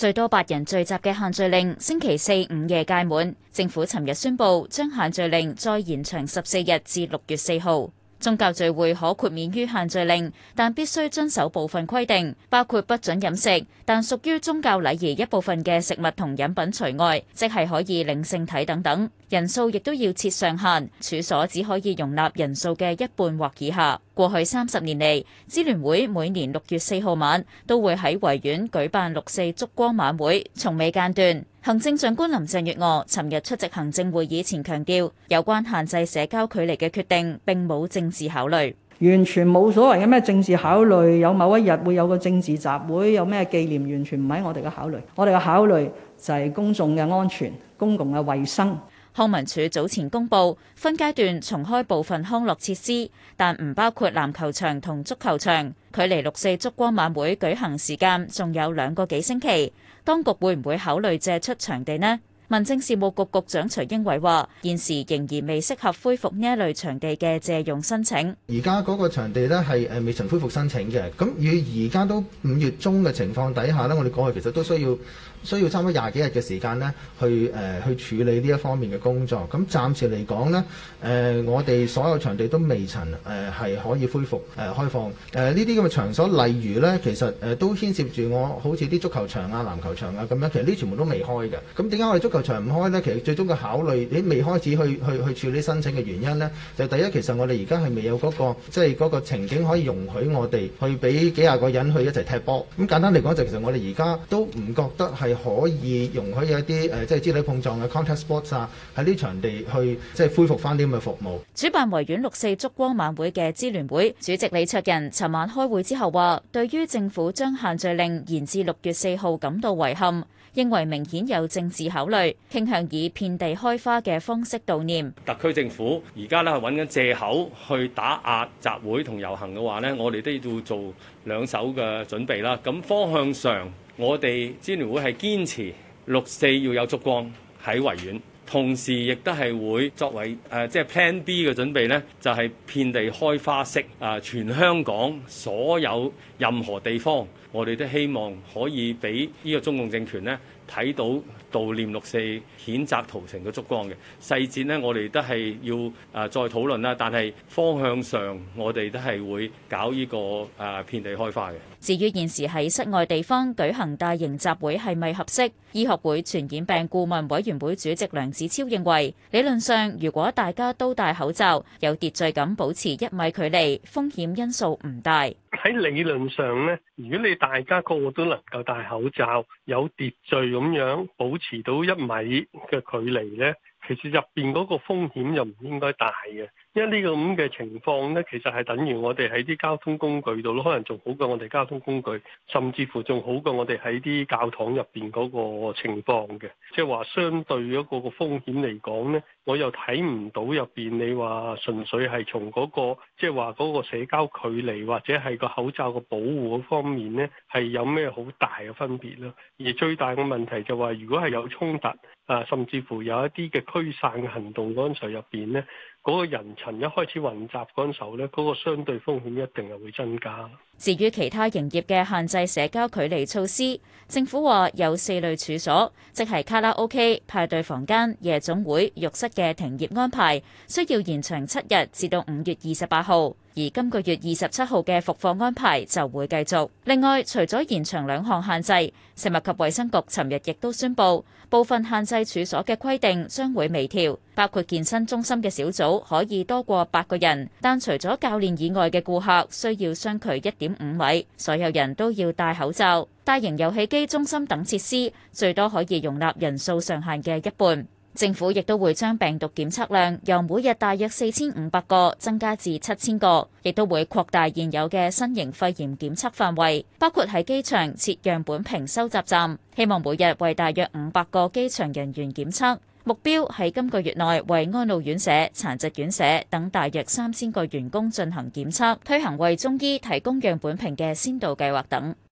最多八人聚集嘅限聚令星期四午夜屆滿，政府尋日宣布將限聚令再延長十四日至六月四號。宗教聚會可豁免於限聚令，但必須遵守部分規定，包括不准飲食，但屬於宗教禮儀一部分嘅食物同飲品除外，即係可以領聖體等等。人數亦都要設上限，處所只可以容納人數嘅一半或以下。過去三十年嚟，支聯會每年六月四號晚都會喺維園舉辦六四燭光晚會，從未間斷。行政長官林鄭月娥尋日出席行政會議前強調，有關限制社交距離嘅決定並冇政治考慮，完全冇所謂嘅咩政治考慮。有某一日會有個政治集會，有咩紀念，完全唔喺我哋嘅考慮。我哋嘅考慮就係公眾嘅安全、公共嘅衞生。康文署早前公布，分階段重開部分康樂設施，但唔包括籃球場同足球場。距離六四燭光晚會舉行時間仲有兩個幾星期，當局會唔會考慮借出場地呢？民政事務局局長徐英偉話，現時仍然未適合恢復呢一類場地嘅借用申請。而家嗰個場地呢係誒未曾恢復申請嘅。咁以而家都五月中嘅情況底下呢，我哋過去其實都需要需要差唔多廿幾日嘅時間呢，去誒、呃、去處理呢一方面嘅工作。咁暫時嚟講呢，誒、呃、我哋所有場地都未曾誒係、呃、可以恢復誒、呃、開放。誒呢啲咁嘅場所，例如呢，其實誒都牽涉住我，好似啲足球場啊、籃球場啊咁樣，其實呢啲全部都未開嘅。咁點解我哋足球？場唔開呢，其實最終嘅考慮，你未開始去去去處理申請嘅原因呢，就第一其實我哋而家係未有嗰、那個，即係嗰個情景可以容許我哋去俾幾廿個人去一齊踢波。咁簡單嚟講、就是，就其實我哋而家都唔覺得係可以容許有一啲誒，即、就、係、是、肢體碰撞嘅 contact sports 啊，喺呢場地去即係、就是、恢復翻啲咁嘅服務。主辦維園六四燭光晚會嘅支聯會主席李卓人，尋晚開會之後話，對於政府將限聚令延至六月四號感到遺憾，認為明顯有政治考慮。傾向以遍地開花嘅方式悼念。特區政府而家咧係揾緊藉口去打壓集會同遊行嘅話咧，我哋都要做兩手嘅準備啦。咁方向上，我哋支聯會係堅持六四要有燭光喺維園，同時亦都係會作為誒即係 Plan B 嘅準備咧，就係、是、遍地開花式啊、呃！全香港所有任何地方。我哋都希望可以俾呢個中共政權呢睇到悼念六四、譴責屠城嘅燭光，嘅細節呢，我哋都係要誒再討論啦。但係方向上，我哋都係會搞呢個誒遍地開花嘅。至於現時喺室外地方舉行大型集會係咪合適？醫學會傳染病顧問委員會主席梁子超認為，理論上如果大家都戴口罩，有秩序噉保持一米距離，風險因素唔大。喺理論上呢，如果你大家個個都能夠戴口罩，有秩序咁樣保持到一米嘅距離呢，其實入邊嗰個風險又唔應該大嘅。因為呢個咁嘅情況呢，其實係等於我哋喺啲交通工具度咯，可能仲好過我哋交通工具，甚至乎仲好過我哋喺啲教堂入邊嗰個情況嘅。即係話相對一個個風險嚟講呢，我又睇唔到入邊你話純粹係從嗰個即係話嗰個社交距離或者係個口罩個保護嗰方面呢，係有咩好大嘅分別咯？而最大嘅問題就話如果係有衝突啊，甚至乎有一啲嘅驅散行動嗰陣時入邊呢，嗰個人。一開始混雜嗰陣時候，呢嗰個相對風險一定又會增加。至於其他營業嘅限制社交距離措施，政府話有四類處所，即係卡拉 OK、派對房間、夜總會、浴室嘅停業安排，需要延長七日，日，至到五月二十八號。而今個月二十七號嘅復課安排就會繼續。另外，除咗延長兩項限制，食物及衛生局尋日亦都宣布，部分限制處所嘅規定將會微調，包括健身中心嘅小組可以多過八個人，但除咗教練以外嘅顧客需要相距一點五米，所有人都要戴口罩。大型遊戲機中心等設施最多可以容納人數上限嘅一半。政府亦都會將病毒檢測量由每日大約四千五百個增加至七千個，亦都會擴大現有嘅新型肺炎檢測範圍，包括喺機場設樣本瓶收集站，希望每日為大約五百個機場人員檢測。目標喺今個月內為安老院舍、殘疾院舍等大約三千個員工進行檢測，推行為中醫提供樣本瓶嘅先導計劃等。